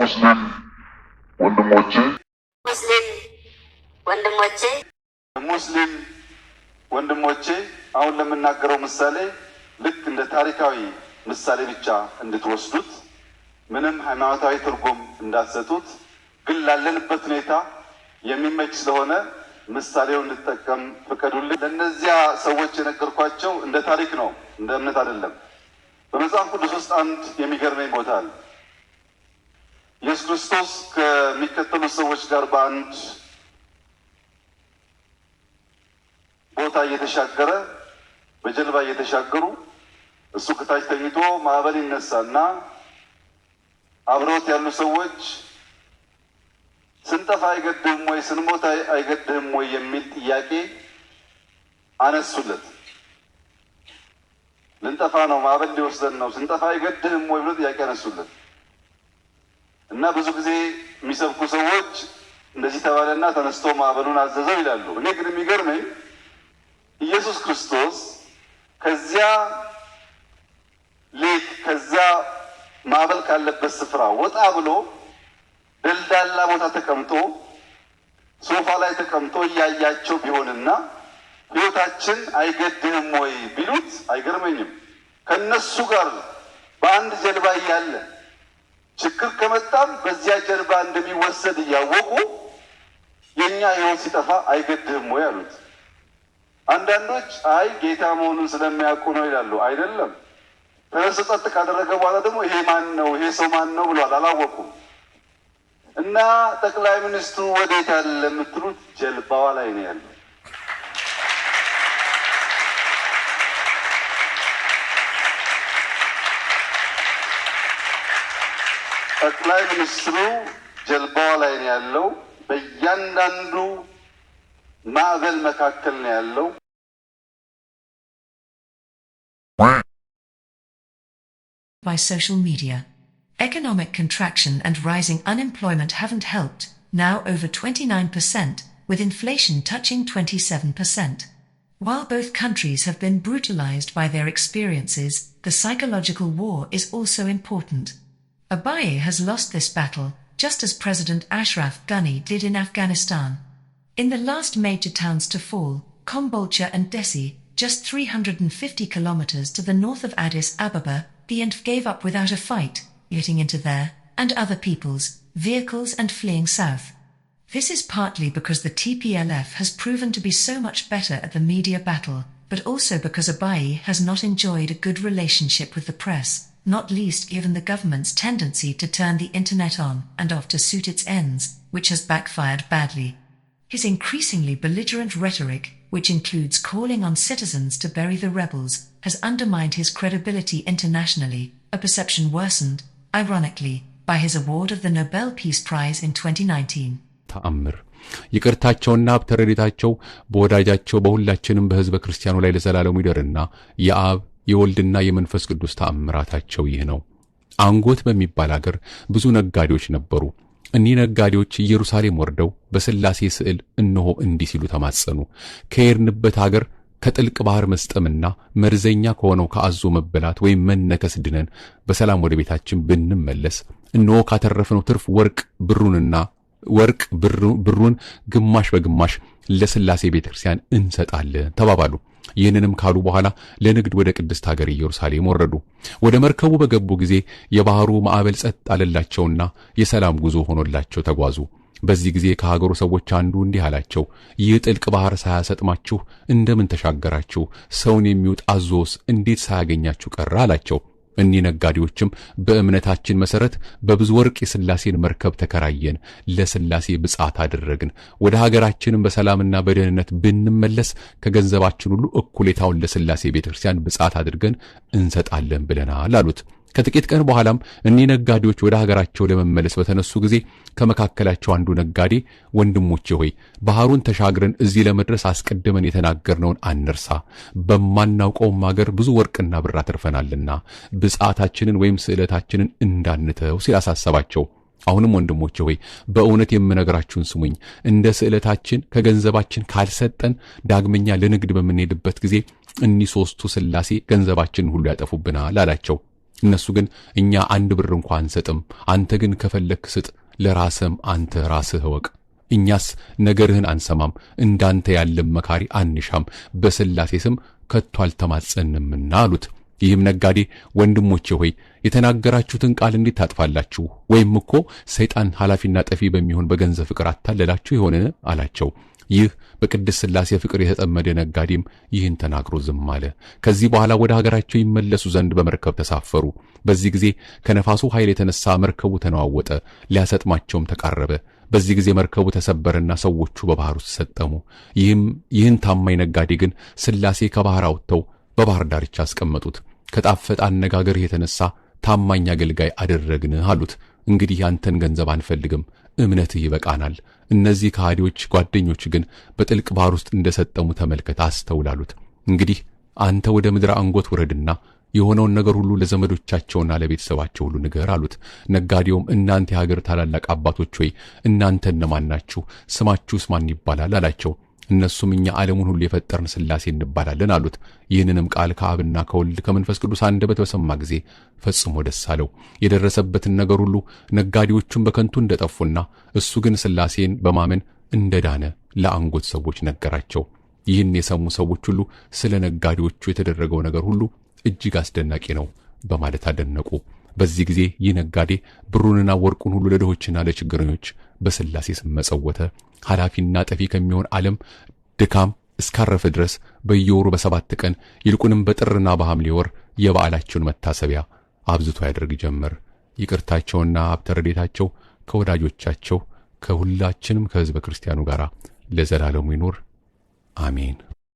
ሙስሊም ወንድሞቼ ሙስሊም ወንድሞቼ ሙስሊም ወንድሞቼ አሁን ለምናገረው ምሳሌ ልክ እንደ ታሪካዊ ምሳሌ ብቻ እንድትወስዱት ምንም ሃይማኖታዊ ትርጉም እንዳትሰጡት፣ ግን ላለንበት ሁኔታ የሚመች ስለሆነ ምሳሌው እንድጠቀም ፍቀዱልን። ለእነዚያ ሰዎች የነገርኳቸው እንደ ታሪክ ነው፣ እንደ እምነት አይደለም። በመጽሐፍ ቅዱስ ውስጥ አንድ የሚገርመኝ ቦታ አለ። ኢየሱስ ክርስቶስ ከሚከተሉ ሰዎች ጋር በአንድ ቦታ እየተሻገረ በጀልባ እየተሻገሩ እሱ ከታች ተኝቶ ማዕበል ይነሳና አብረውት ያሉ ሰዎች ስንጠፋ አይገድህም ወይ ስንሞት አይገድህም ወይ የሚል ጥያቄ አነሱለት። ልንጠፋ ነው፣ ማዕበል ሊወስደን ነው፣ ስንጠፋ አይገድህም ወይ ብሎ ጥያቄ አነሱለት። እና ብዙ ጊዜ የሚሰብኩ ሰዎች እንደዚህ ተባለና ተነስቶ ማዕበሉን አዘዘው ይላሉ። እኔ ግን የሚገርመኝ ኢየሱስ ክርስቶስ ከዚያ ሌክ ከዛ ማዕበል ካለበት ስፍራ ወጣ ብሎ ደልዳላ ቦታ ተቀምጦ ሶፋ ላይ ተቀምጦ እያያቸው ቢሆንና ሕይወታችን አይገድህም ወይ ቢሉት አይገርመኝም። ከነሱ ጋር በአንድ ጀልባ እያለ ችግር ከመጣም በዚያ ጀርባ እንደሚወሰድ እያወቁ የእኛ ህይወት ሲጠፋ አይገድህም ወይ አሉት። አንዳንዶች አይ ጌታ መሆኑን ስለሚያውቁ ነው ይላሉ። አይደለም። እርሱ ጸጥ ካደረገ በኋላ ደግሞ ይሄ ማን ነው ይሄ ሰው ማን ነው ብሏል። አላወቁም። እና ጠቅላይ ሚኒስትሩ ወዴት አለ የምትሉት ጀልባዋ ላይ ነው ያለው። ጠቅላይ ሚኒስትሩ ጀልባዋ ላይ ነው ያለው። በእያንዳንዱ ማዕበል መካከል ነው ያለው። By social media. Economic contraction and rising unemployment haven't helped, now over 29%, with inflation touching 27%. While both countries have been brutalized by their experiences, the psychological war is also important. Abaye has lost this battle, just as President Ashraf Ghani did in Afghanistan. In the last major towns to fall, Kombolcha and Desi, just 350 kilometers to the north of Addis Ababa, the INF gave up without a fight, getting into their and other people's vehicles and fleeing south. This is partly because the TPLF has proven to be so much better at the media battle, but also because Abiy has not enjoyed a good relationship with the press, not least given the government's tendency to turn the internet on and off to suit its ends, which has backfired badly. His increasingly belligerent rhetoric, which includes calling on citizens to bury the rebels, has undermined his credibility internationally, a perception worsened, ironically, by his award of the Nobel Peace Prize in 2019. ይቅርታቸውና ሀብተ በወዳጃቸው በሁላችንም በሕዝበ ክርስቲያኑ ላይ ለዘላለሙ ይደርና የአብ የወልድና የመንፈስ ቅዱስ ተአምራታቸው ይህ ነው። አንጎት በሚባል አገር ብዙ ነጋዴዎች ነበሩ። እኒህ ነጋዴዎች ኢየሩሳሌም ወርደው በሥላሴ ስዕል እነሆ እንዲህ ሲሉ ተማጸኑ። ከሄድንበት አገር ከጥልቅ ባህር መስጠምና መርዘኛ ከሆነው ከአዞ መበላት ወይም መነከስ ድነን በሰላም ወደ ቤታችን ብንመለስ እነሆ ካተረፍነው ትርፍ ወርቅ ብሩንና ወርቅ ብሩን ግማሽ በግማሽ ለስላሴ ቤተ ክርስቲያን እንሰጣለን ተባባሉ። ይህንንም ካሉ በኋላ ለንግድ ወደ ቅድስት ሀገር ኢየሩሳሌም ወረዱ። ወደ መርከቡ በገቡ ጊዜ የባህሩ ማዕበል ጸጥ አለላቸውና የሰላም ጉዞ ሆኖላቸው ተጓዙ። በዚህ ጊዜ ከሀገሩ ሰዎች አንዱ እንዲህ አላቸው፣ ይህ ጥልቅ ባህር ሳያሰጥማችሁ እንደምን ተሻገራችሁ? ሰውን የሚውጥ አዞስ እንዴት ሳያገኛችሁ ቀረ? አላቸው። እኒህ ነጋዴዎችም በእምነታችን መሰረት በብዙ ወርቅ የሥላሴን መርከብ ተከራየን፣ ለሥላሴ ብጻት አደረግን። ወደ ሀገራችንም በሰላምና በደህንነት ብንመለስ ከገንዘባችን ሁሉ እኩሌታውን ለሥላሴ ቤተ ክርስቲያን ብጻት አድርገን እንሰጣለን ብለናል አሉት። ከጥቂት ቀን በኋላም እኒህ ነጋዴዎች ወደ ሀገራቸው ለመመለስ በተነሱ ጊዜ ከመካከላቸው አንዱ ነጋዴ ወንድሞቼ ሆይ ባህሩን ተሻግረን እዚህ ለመድረስ አስቀድመን የተናገርነውን አንርሳ፣ በማናውቀውም ሀገር ብዙ ወርቅና ብር አትርፈናልና ብጻታችንን ወይም ስዕለታችንን እንዳንተው ሲል አሳሰባቸው። አሁንም ወንድሞቼ ሆይ በእውነት የምነግራችሁን ስሙኝ። እንደ ስዕለታችን ከገንዘባችን ካልሰጠን ዳግመኛ ለንግድ በምንሄድበት ጊዜ እኒህ ሦስቱ ሥላሴ ገንዘባችንን ሁሉ ያጠፉብናል አላቸው። እነሱ ግን እኛ አንድ ብር እንኳ አንሰጥም፣ አንተ ግን ከፈለክ ስጥ፣ ለራስም አንተ ራስህ እወቅ። እኛስ ነገርህን አንሰማም፣ እንዳንተ ያለም መካሪ አንሻም፣ በሥላሴ ስም ከቶ አልተማጸንምና አሉት። ይህም ነጋዴ ወንድሞቼ ሆይ የተናገራችሁትን ቃል እንዴት ታጥፋላችሁ? ወይም እኮ ሰይጣን ኃላፊና ጠፊ በሚሆን በገንዘብ ፍቅር አታለላችሁ ይሆንን? አላቸው። ይህ በቅድስት ሥላሴ ፍቅር የተጠመደ ነጋዴም ይህን ተናግሮ ዝም አለ። ከዚህ በኋላ ወደ ሀገራቸው ይመለሱ ዘንድ በመርከብ ተሳፈሩ። በዚህ ጊዜ ከነፋሱ ኃይል የተነሳ መርከቡ ተነዋወጠ፣ ሊያሰጥማቸውም ተቃረበ። በዚህ ጊዜ መርከቡ ተሰበረና ሰዎቹ በባህር ውስጥ ሰጠሙ። ይህም ይህን ታማኝ ነጋዴ ግን ሥላሴ ከባህር አውጥተው በባህር ዳርቻ አስቀመጡት። ከጣፈጠ አነጋገር የተነሳ ታማኝ አገልጋይ አደረግንህ አሉት። እንግዲህ ያንተን ገንዘብ አንፈልግም፣ እምነትህ ይበቃናል። እነዚህ ከሃዲዎች ጓደኞች ግን በጥልቅ ባህር ውስጥ እንደሰጠሙ ተመልከት፣ አስተውላሉት። እንግዲህ አንተ ወደ ምድረ አንጎት ውረድና የሆነውን ነገር ሁሉ ለዘመዶቻቸውና ለቤተሰባቸው ሁሉ ንገር አሉት። ነጋዴውም እናንተ የሀገር ታላላቅ አባቶች ሆይ እናንተ እነማን ናችሁ? ስማችሁስ ማን ይባላል? አላቸው። እነሱም እኛ ዓለሙን ሁሉ የፈጠርን ሥላሴ እንባላለን አሉት። ይህንንም ቃል ከአብና ከወልድ ከመንፈስ ቅዱስ አንደበት በሰማ ጊዜ ፈጽሞ ደስ አለው። የደረሰበትን ነገር ሁሉ ነጋዴዎቹን በከንቱ እንደጠፉና እሱ ግን ሥላሴን በማመን እንደዳነ ለአንጎት ሰዎች ነገራቸው። ይህን የሰሙ ሰዎች ሁሉ ስለ ነጋዴዎቹ የተደረገው ነገር ሁሉ እጅግ አስደናቂ ነው በማለት አደነቁ። በዚህ ጊዜ ይህ ነጋዴ ብሩንና ወርቁን ሁሉ ለድሆችና ለችግረኞች በስላሴ ስም መጸወተ። ኃላፊና ጠፊ ከሚሆን ዓለም ድካም እስካረፈ ድረስ በየወሩ በሰባት ቀን ይልቁንም በጥርና በሐምሌ ወር የበዓላቸውን መታሰቢያ አብዝቶ ያደርግ ጀመር። ይቅርታቸውና ሀብተ ረድኤታቸው ከወዳጆቻቸው ከሁላችንም ከሕዝበ ክርስቲያኑ ጋር ለዘላለሙ ይኖር አሜን።